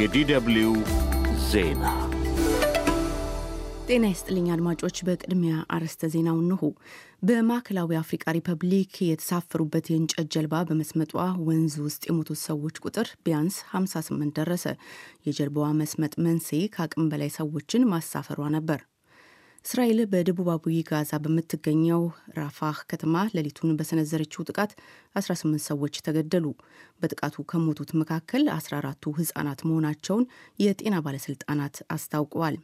የዲደብልዩ ዜና ጤና ይስጥልኝ አድማጮች። በቅድሚያ አርዕስተ ዜናው ንሁ በማዕከላዊ አፍሪቃ ሪፐብሊክ የተሳፈሩበት የእንጨት ጀልባ በመስመጧ ወንዝ ውስጥ የሞቱት ሰዎች ቁጥር ቢያንስ 58 ደረሰ። የጀልባዋ መስመጥ መንስኤ ከአቅም በላይ ሰዎችን ማሳፈሯ ነበር። እስራኤል በደቡባዊ ጋዛ በምትገኘው ራፋህ ከተማ ሌሊቱን በሰነዘረችው ጥቃት 18 ሰዎች ተገደሉ። በጥቃቱ ከሞቱት መካከል 14ቱ ህጻናት መሆናቸውን የጤና ባለስልጣናት አስታውቀዋል።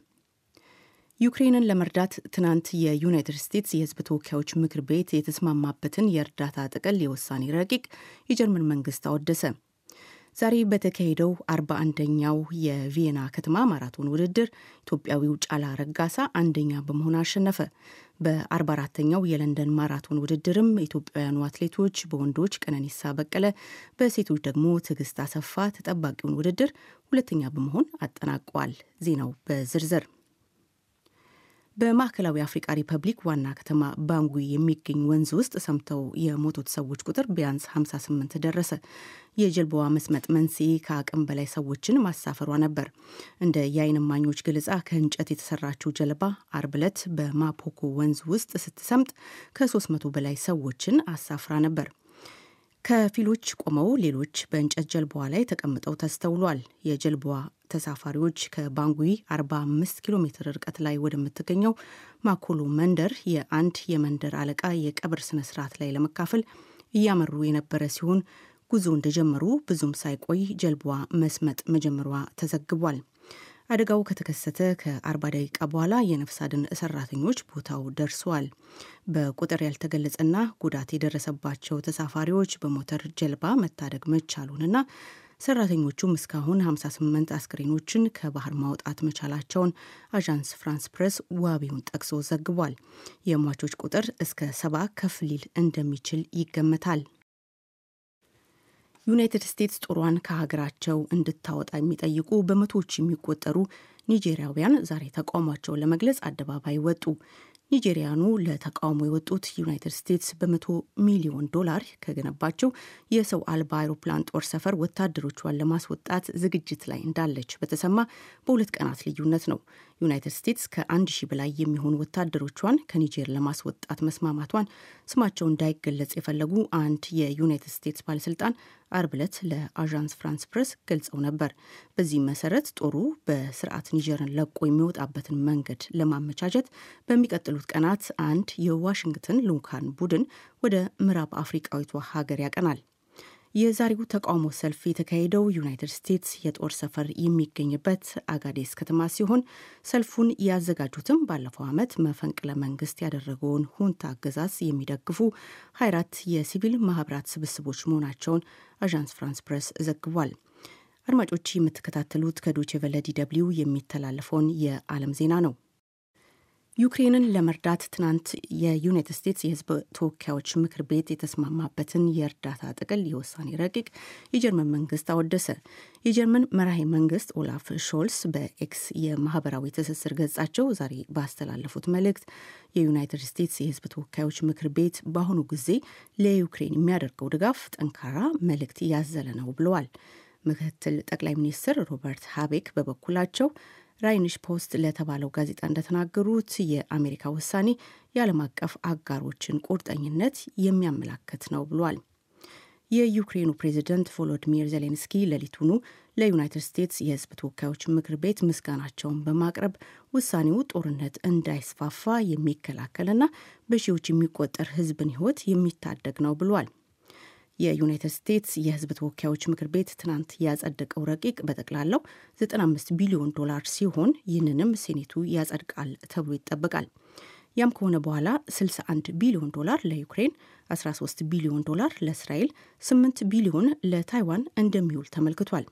ዩክሬንን ለመርዳት ትናንት የዩናይትድ ስቴትስ የህዝብ ተወካዮች ምክር ቤት የተስማማበትን የእርዳታ ጥቅል የውሳኔ ረቂቅ የጀርመን መንግስት አወደሰ። ዛሬ በተካሄደው አርባ አንደኛው የቪየና ከተማ ማራቶን ውድድር ኢትዮጵያዊው ጫላ ረጋሳ አንደኛ በመሆን አሸነፈ በአርባ በ44ተኛው የለንደን ማራቶን ውድድርም ኢትዮጵያውያኑ አትሌቶች በወንዶች ቀነኒሳ በቀለ፣ በሴቶች ደግሞ ትዕግስት አሰፋ ተጠባቂውን ውድድር ሁለተኛ በመሆን አጠናቋል። ዜናው በዝርዝር በማዕከላዊ አፍሪካ ሪፐብሊክ ዋና ከተማ ባንጉ የሚገኝ ወንዝ ውስጥ ሰምተው የሞቱት ሰዎች ቁጥር ቢያንስ 58 ደረሰ። የጀልባዋ መስመጥ መንስኤ ከአቅም በላይ ሰዎችን ማሳፈሯ ነበር። እንደ የዓይን እማኞች ከእንጨት የተሰራችው ጀልባ አርብ ዕለት በማፖኮ ወንዝ ውስጥ ስትሰምጥ ከ300 በላይ ሰዎችን አሳፍራ ነበር። ከፊሎች ቆመው ሌሎች በእንጨት ጀልባዋ ላይ ተቀምጠው ተስተውሏል። የጀልባዋ ተሳፋሪዎች ከባንጉይ 45 ኪሎ ሜትር ርቀት ላይ ወደምትገኘው ማኮሎ መንደር የአንድ የመንደር አለቃ የቀብር ስነ ስርዓት ላይ ለመካፈል እያመሩ የነበረ ሲሆን ጉዞ እንደጀመሩ ብዙም ሳይቆይ ጀልባዋ መስመጥ መጀመሯ ተዘግቧል። አደጋው ከተከሰተ ከ40 ደቂቃ በኋላ የነፍስ አድን ሰራተኞች ቦታው ደርሰዋል። በቁጥር ያልተገለጸና ጉዳት የደረሰባቸው ተሳፋሪዎች በሞተር ጀልባ መታደግ መቻሉንና ሰራተኞቹም እስካሁን 58 አስክሬኖችን ከባህር ማውጣት መቻላቸውን አዣንስ ፍራንስ ፕሬስ ዋቢውን ጠቅሶ ዘግቧል። የሟቾች ቁጥር እስከ ሰባ ከፍ ሊል እንደሚችል ይገመታል። ዩናይትድ ስቴትስ ጦሯን ከሀገራቸው እንድታወጣ የሚጠይቁ በመቶዎች የሚቆጠሩ ኒጄሪያውያን ዛሬ ተቃውሟቸውን ለመግለጽ አደባባይ ወጡ። ኒጄሪያኑ ለተቃውሞ የወጡት ዩናይትድ ስቴትስ በመቶ ሚሊዮን ዶላር ከገነባቸው የሰው አልባ አይሮፕላን ጦር ሰፈር ወታደሮቿን ለማስወጣት ዝግጅት ላይ እንዳለች በተሰማ በሁለት ቀናት ልዩነት ነው። ዩናይትድ ስቴትስ ከአንድ ሺህ በላይ የሚሆኑ ወታደሮቿን ከኒጀር ለማስወጣት መስማማቷን ስማቸው እንዳይገለጽ የፈለጉ አንድ የዩናይትድ ስቴትስ ባለስልጣን አርብ ዕለት ለአዣንስ ፍራንስ ፕሬስ ገልጸው ነበር። በዚህም መሰረት ጦሩ በስርዓት ኒጀርን ለቆ የሚወጣበትን መንገድ ለማመቻቸት በሚቀጥሉት ቀናት አንድ የዋሽንግተን ልዑካን ቡድን ወደ ምዕራብ አፍሪቃዊቷ ሀገር ያቀናል። የዛሬው ተቃውሞ ሰልፍ የተካሄደው ዩናይትድ ስቴትስ የጦር ሰፈር የሚገኝበት አጋዴስ ከተማ ሲሆን ሰልፉን ያዘጋጁትም ባለፈው ዓመት መፈንቅለ መንግስት ያደረገውን ሁንታ አገዛዝ የሚደግፉ ሀያ አራት የሲቪል ማህበራት ስብስቦች መሆናቸውን አዣንስ ፍራንስ ፕሬስ ዘግቧል። አድማጮች የምትከታተሉት ከዶቼ ቨለ ዲ ደብልዩ የሚተላለፈውን የዓለም ዜና ነው። ዩክሬንን ለመርዳት ትናንት የዩናይትድ ስቴትስ የህዝብ ተወካዮች ምክር ቤት የተስማማበትን የእርዳታ ጥቅል የውሳኔ ረቂቅ የጀርመን መንግስት አወደሰ። የጀርመን መራሄ መንግስት ኦላፍ ሾልስ በኤክስ የማህበራዊ ትስስር ገጻቸው ዛሬ ባስተላለፉት መልእክት የዩናይትድ ስቴትስ የህዝብ ተወካዮች ምክር ቤት በአሁኑ ጊዜ ለዩክሬን የሚያደርገው ድጋፍ ጠንካራ መልእክት ያዘለ ነው ብለዋል። ምክትል ጠቅላይ ሚኒስትር ሮበርት ሃቤክ በበኩላቸው ራይኒሽ ፖስት ለተባለው ጋዜጣ እንደተናገሩት የአሜሪካ ውሳኔ የዓለም አቀፍ አጋሮችን ቁርጠኝነት የሚያመላክት ነው ብሏል። የዩክሬኑ ፕሬዚደንት ቮሎዲሚር ዜሌንስኪ ሌሊቱኑ ለዩናይትድ ስቴትስ የሕዝብ ተወካዮች ምክር ቤት ምስጋናቸውን በማቅረብ ውሳኔው ጦርነት እንዳይስፋፋ የሚከላከልና በሺዎች የሚቆጠር ሕዝብን ሕይወት የሚታደግ ነው ብሏል። የዩናይትድ ስቴትስ የህዝብ ተወካዮች ምክር ቤት ትናንት ያጸደቀው ረቂቅ በጠቅላላው 95 ቢሊዮን ዶላር ሲሆን ይህንንም ሴኔቱ ያጸድቃል ተብሎ ይጠበቃል። ያም ከሆነ በኋላ 61 ቢሊዮን ዶላር ለዩክሬን፣ 13 ቢሊዮን ዶላር ለእስራኤል፣ 8 ቢሊዮን ለታይዋን እንደሚውል ተመልክቷል።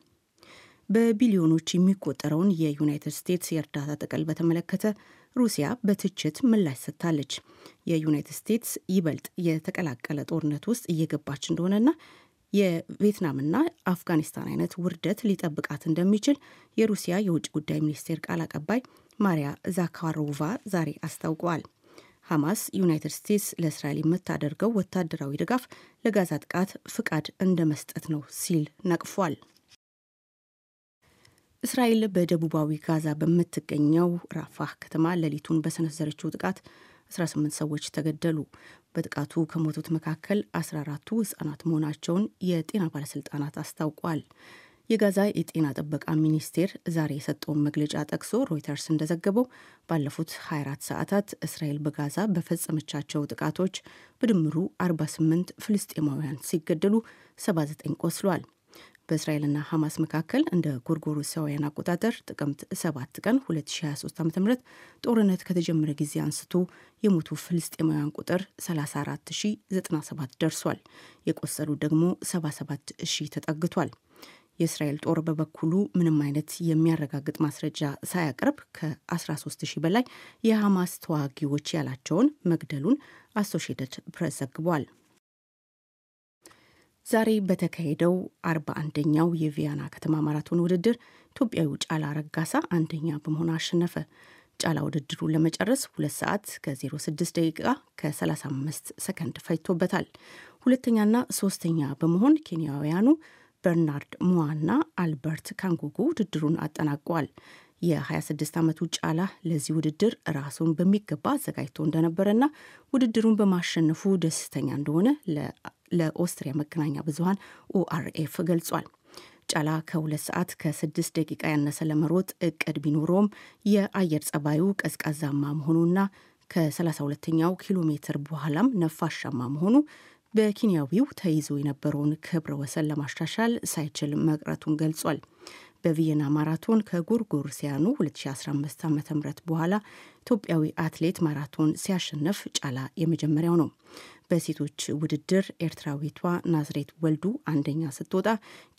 በቢሊዮኖች የሚቆጠረውን የዩናይትድ ስቴትስ የእርዳታ ጥቅል በተመለከተ ሩሲያ በትችት ምላሽ ሰጥታለች። የዩናይትድ ስቴትስ ይበልጥ የተቀላቀለ ጦርነት ውስጥ እየገባች እንደሆነና የቪየትናምና አፍጋኒስታን አይነት ውርደት ሊጠብቃት እንደሚችል የሩሲያ የውጭ ጉዳይ ሚኒስቴር ቃል አቀባይ ማሪያ ዛካሮቫ ዛሬ አስታውቀዋል። ሐማስ ዩናይትድ ስቴትስ ለእስራኤል የምታደርገው ወታደራዊ ድጋፍ ለጋዛ ጥቃት ፍቃድ እንደ መስጠት ነው ሲል ነቅፏል። እስራኤል በደቡባዊ ጋዛ በምትገኘው ራፋህ ከተማ ሌሊቱን በሰነዘረችው ጥቃት 18 ሰዎች ተገደሉ። በጥቃቱ ከሞቱት መካከል 14ቱ ህጻናት መሆናቸውን የጤና ባለስልጣናት አስታውቋል። የጋዛ የጤና ጥበቃ ሚኒስቴር ዛሬ የሰጠውን መግለጫ ጠቅሶ ሮይተርስ እንደዘገበው ባለፉት 24 ሰዓታት እስራኤል በጋዛ በፈጸመቻቸው ጥቃቶች በድምሩ 48 ፍልስጤማውያን ሲገደሉ 79 ቆስሏል። በእስራኤልና ሐማስ መካከል እንደ ጎርጎሮሳውያን አቆጣጠር ጥቅምት 7 ቀን 2023 ዓ ም ጦርነት ከተጀመረ ጊዜ አንስቶ የሞቱ ፍልስጤማውያን ቁጥር 34097 ደርሷል። የቆሰሉ ደግሞ 77 ሺህ ተጠግቷል። የእስራኤል ጦር በበኩሉ ምንም አይነት የሚያረጋግጥ ማስረጃ ሳያቀርብ ከ13 ሺህ በላይ የሐማስ ተዋጊዎች ያላቸውን መግደሉን አሶሺየትድ ፕሬስ ዘግቧል። ዛሬ በተካሄደው አርባ አንደኛው የቪያና ከተማ ማራቶን ውድድር ኢትዮጵያዊ ጫላ ረጋሳ አንደኛ በመሆን አሸነፈ። ጫላ ውድድሩን ለመጨረስ ሁለት ሰዓት ከ06 ደቂቃ ከ35 ሰከንድ ፈጅቶበታል። ሁለተኛና ሶስተኛ በመሆን ኬንያውያኑ በርናርድ ሙዋና አልበርት ካንጉጉ ውድድሩን አጠናቀዋል። የ26 ዓመቱ ጫላ ለዚህ ውድድር ራሱን በሚገባ አዘጋጅቶ እንደነበረና ውድድሩን በማሸነፉ ደስተኛ እንደሆነ ለኦስትሪያ መገናኛ ብዙሀን ኦአርኤፍ ገልጿል። ጫላ ከሁለት ሰዓት ከስድስት ደቂቃ ያነሰ ለመሮጥ እቅድ ቢኖረውም የአየር ጸባዩ ቀዝቃዛማ መሆኑና ከ32ኛው ኪሎ ሜትር በኋላም ነፋሻማ መሆኑ በኬንያዊው ተይዞ የነበረውን ክብረ ወሰን ለማሻሻል ሳይችል መቅረቱን ገልጿል። በቪየና ማራቶን ሲያኑ 2015 ዓ ም በኋላ ኢትዮጵያዊ አትሌት ማራቶን ሲያሸነፍ ጫላ የመጀመሪያው ነው። በሴቶች ውድድር ኤርትራዊቷ ናዝሬት ወልዱ አንደኛ ስትወጣ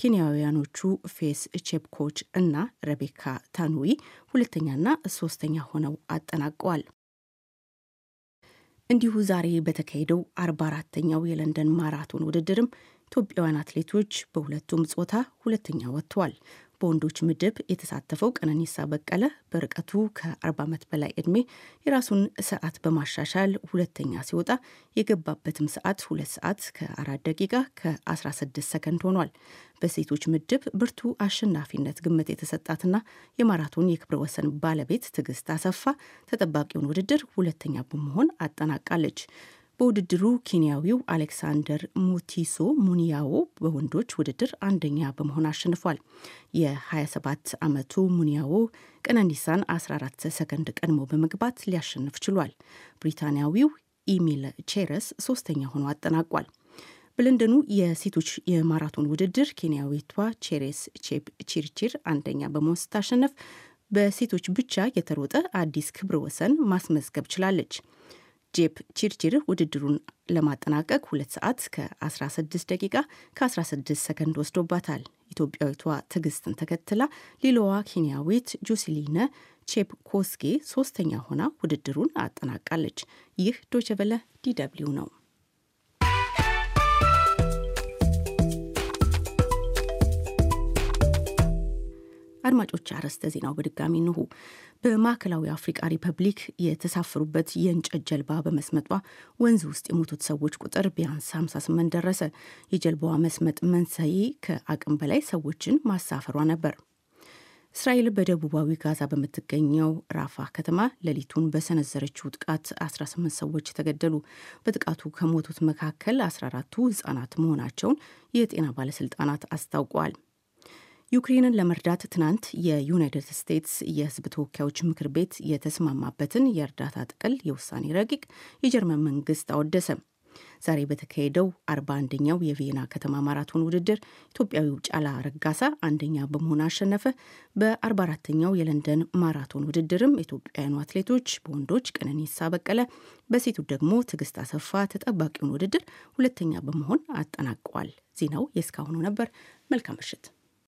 ኬንያውያኖቹ ፌስ ቼፕኮች እና ረቤካ ታኑዊ ሁለተኛና ሶስተኛ ሆነው አጠናቀዋል። እንዲሁ ዛሬ በተካሄደው አርባ አራተኛው የለንደን ማራቶን ውድድርም ኢትዮጵያውያን አትሌቶች በሁለቱም ጾታ ሁለተኛ ወጥተዋል። በወንዶች ምድብ የተሳተፈው ቀነኒሳ በቀለ በርቀቱ ከ40 ዓመት በላይ ዕድሜ የራሱን ሰዓት በማሻሻል ሁለተኛ ሲወጣ የገባበትም ሰዓት 2 ሰዓት ከ4 ደቂቃ ከ16 ሰከንድ ሆኗል። በሴቶች ምድብ ብርቱ አሸናፊነት ግምት የተሰጣትና የማራቶን የክብረ ወሰን ባለቤት ትዕግስት አሰፋ ተጠባቂውን ውድድር ሁለተኛ በመሆን አጠናቃለች። በውድድሩ ኬንያዊው አሌክሳንደር ሙቲሶ ሙኒያዎ በወንዶች ውድድር አንደኛ በመሆን አሸንፏል። የ27 ዓመቱ ሙኒያዎ ቀነኒሳን 14 ሰከንድ ቀድሞ በመግባት ሊያሸንፍ ችሏል። ብሪታንያዊው ኢሚል ቼረስ ሶስተኛ ሆኖ አጠናቋል። በለንደኑ የሴቶች የማራቶን ውድድር ኬንያዊቷ ቼሬስ ቼፕ ቺርቺር አንደኛ በመሆን ስታሸነፍ በሴቶች ብቻ የተሮጠ አዲስ ክብረ ወሰን ማስመዝገብ ችላለች። ጄፕ ቺርቺር ውድድሩን ለማጠናቀቅ ሁለት ሰዓት ከ16 ደቂቃ ከ16 ሰከንድ ወስዶባታል። ኢትዮጵያዊቷ ትዕግስትን ተከትላ ሌላዋ ኬንያዊት ጁሲሊነ ቼፕ ኮስጌ ሶስተኛ ሆና ውድድሩን አጠናቃለች። ይህ ዶቸበለ ዲደብሊው ነው። አድማጮች አርዕስተ ዜናው በድጋሚ እንሆ። በማዕከላዊ አፍሪቃ ሪፐብሊክ የተሳፈሩበት የእንጨት ጀልባ በመስመጧ ወንዝ ውስጥ የሞቱት ሰዎች ቁጥር ቢያንስ 58 ደረሰ። የጀልባዋ መስመጥ መንሰዬ ከአቅም በላይ ሰዎችን ማሳፈሯ ነበር። እስራኤል በደቡባዊ ጋዛ በምትገኘው ራፋ ከተማ ሌሊቱን በሰነዘረችው ጥቃት 18 ሰዎች ተገደሉ። በጥቃቱ ከሞቱት መካከል 14ቱ ህጻናት መሆናቸውን የጤና ባለስልጣናት አስታውቀዋል። ዩክሬንን ለመርዳት ትናንት የዩናይትድ ስቴትስ የሕዝብ ተወካዮች ምክር ቤት የተስማማበትን የእርዳታ ጥቅል የውሳኔ ረቂቅ የጀርመን መንግስት አወደሰ። ዛሬ በተካሄደው አርባ አንደኛው የቪየና ከተማ ማራቶን ውድድር ኢትዮጵያዊው ጫላ ረጋሳ አንደኛ በመሆን አሸነፈ። በአርባ አራተኛው የለንደን ማራቶን ውድድርም ኢትዮጵያውያኑ አትሌቶች በወንዶች ቀነኒሳ በቀለ፣ በሴቱ ደግሞ ትዕግስት አሰፋ ተጠባቂውን ውድድር ሁለተኛ በመሆን አጠናቀዋል። ዜናው የእስካሁኑ ነበር። መልካም ምሽት።